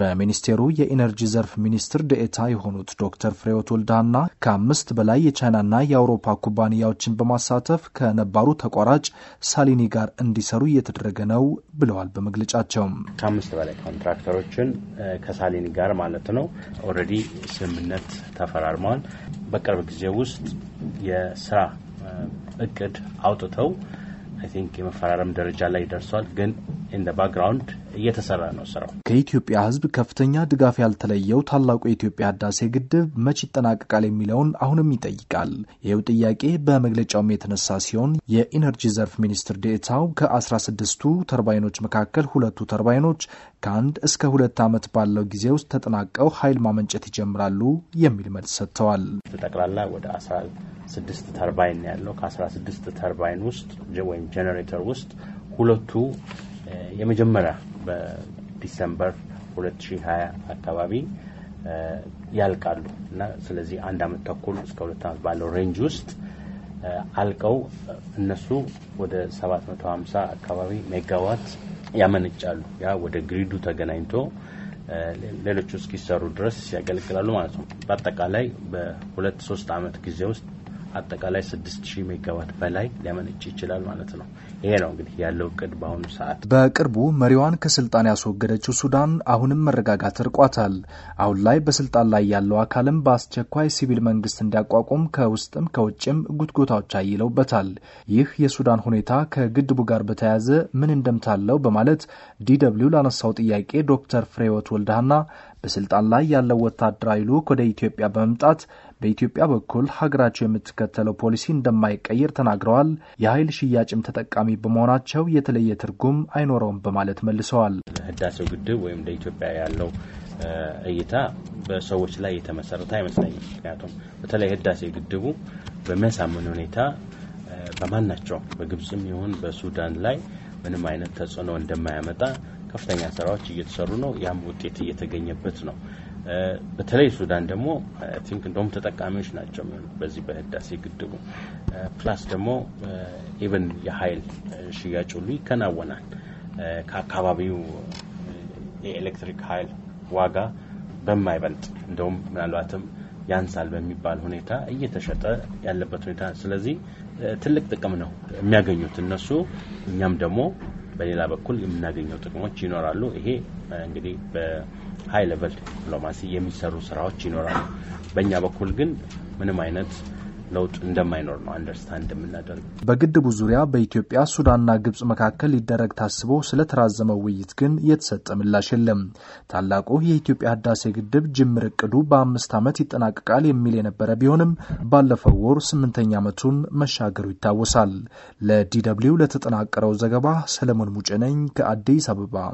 በሚኒስቴሩ የኢነርጂ ዘርፍ ሚኒስትር ደኤታ የሆኑት ዶክተር ፍሬወት ወልዳና ከአምስት በላይ የቻይናና የአውሮፓ ኩባንያዎችን በማሳተፍ ከነባሩ ተቋራጭ ሳሊኒ ጋር እንዲሰሩ እየተደረገ ነው ብለዋል። በመግለጫቸው ከአምስት በላይ ኮንትራክተሮችን ከሳሊኒ ጋር ማለት ነው ኦልሬዲ ስምምነት ተፈራርመዋል። በቅርብ ጊዜ ውስጥ የስራ እቅድ አውጥተው አይ ቲንክ የመፈራረም ደረጃ ላይ ደርሷል። ግን ኢን ባክግራውንድ እየተሰራ ነው ስራው። ከኢትዮጵያ ሕዝብ ከፍተኛ ድጋፍ ያልተለየው ታላቁ የኢትዮጵያ ህዳሴ ግድብ መች ይጠናቀቃል የሚለውን አሁንም ይጠይቃል። ይህው ጥያቄ በመግለጫውም የተነሳ ሲሆን የኢነርጂ ዘርፍ ሚኒስትር ዴኤታው ከ16ቱ ተርባይኖች መካከል ሁለቱ ተርባይኖች ከአንድ እስከ ሁለት ዓመት ባለው ጊዜ ውስጥ ተጠናቀው ኃይል ማመንጨት ይጀምራሉ የሚል መልስ ሰጥተዋል። ጠቅላላ ወደ ስድስት ተርባይን ያለው ከአስራ ስድስት ተርባይን ውስጥ ወይም ጀኔሬተር ውስጥ ሁለቱ የመጀመሪያ በዲሰምበር 2020 አካባቢ ያልቃሉ እና ስለዚህ አንድ አመት ተኩል እስከ ሁለት አመት ባለው ሬንጅ ውስጥ አልቀው እነሱ ወደ 750 አካባቢ ሜጋዋት ያመነጫሉ። ያ ወደ ግሪዱ ተገናኝቶ ሌሎቹ እስኪሰሩ ድረስ ያገለግላሉ ማለት ነው። በአጠቃላይ በሁለት ሶስት አመት ጊዜ ውስጥ አጠቃላይ 6000 ሜጋዋት በላይ ሊያመነጭ ይችላል ማለት ነው። ይሄ ነው እንግዲህ ያለው እቅድ በአሁኑ ሰዓት። በቅርቡ መሪዋን ከስልጣን ያስወገደችው ሱዳን አሁንም መረጋጋት እርቋታል። አሁን ላይ በስልጣን ላይ ያለው አካልም በአስቸኳይ ሲቪል መንግስት እንዲያቋቁም ከውስጥም ከውጭም ጉትጎታዎች አይለውበታል። ይህ የሱዳን ሁኔታ ከግድቡ ጋር በተያያዘ ምን እንደምታለው በማለት ዲደብሊው ላነሳው ጥያቄ ዶክተር ፍሬወት ወልደሃና በስልጣን ላይ ያለው ወታደራዊ ልዑክ ወደ ኢትዮጵያ በመምጣት በኢትዮጵያ በኩል ሀገራቸው የምትከተለው ፖሊሲ እንደማይቀይር ተናግረዋል። የኃይል ሽያጭም ተጠቃሚ ተጠቃሚ በመሆናቸው የተለየ ትርጉም አይኖረውም በማለት መልሰዋል። ህዳሴው ግድብ ወይም ለኢትዮጵያ ያለው እይታ በሰዎች ላይ የተመሰረተ አይመስለኝም። ምክንያቱም በተለይ ህዳሴ ግድቡ በሚያሳምን ሁኔታ በማናቸው በግብፅም ይሁን በሱዳን ላይ ምንም አይነት ተጽዕኖ እንደማያመጣ ከፍተኛ ስራዎች እየተሰሩ ነው። ያም ውጤት እየተገኘበት ነው። በተለይ ሱዳን ደግሞ ቲንክ እንደውም ተጠቃሚዎች ናቸው የሚሆኑ በዚህ በህዳሴ ግድቡ ፕላስ ደግሞ ኢቨን የሀይል ሽያጭ ሁሉ ይከናወናል። ከአካባቢው የኤሌክትሪክ ሀይል ዋጋ በማይበልጥ እንደውም ምናልባትም ያንሳል በሚባል ሁኔታ እየተሸጠ ያለበት ሁኔታ። ስለዚህ ትልቅ ጥቅም ነው የሚያገኙት እነሱ፣ እኛም ደግሞ በሌላ በኩል የምናገኘው ጥቅሞች ይኖራሉ። ይሄ እንግዲህ ሀይ ሌቨል ዲፕሎማሲ የሚሰሩ ስራዎች ይኖራሉ። በእኛ በኩል ግን ምንም አይነት ለውጥ እንደማይኖር ነው አንደርስታንድ የምናደርግ። በግድቡ ዙሪያ በኢትዮጵያ ሱዳንና ግብጽ መካከል ሊደረግ ታስቦ ስለተራዘመው ውይይት ግን የተሰጠ ምላሽ የለም። ታላቁ የኢትዮጵያ ህዳሴ ግድብ ጅምር እቅዱ በአምስት ዓመት ይጠናቀቃል የሚል የነበረ ቢሆንም ባለፈው ወር ስምንተኛ ዓመቱን መሻገሩ ይታወሳል። ለዲ ደብልዩ ለተጠናቀረው ዘገባ ሰለሞን ሙጭነኝ ከአዲስ አበባ።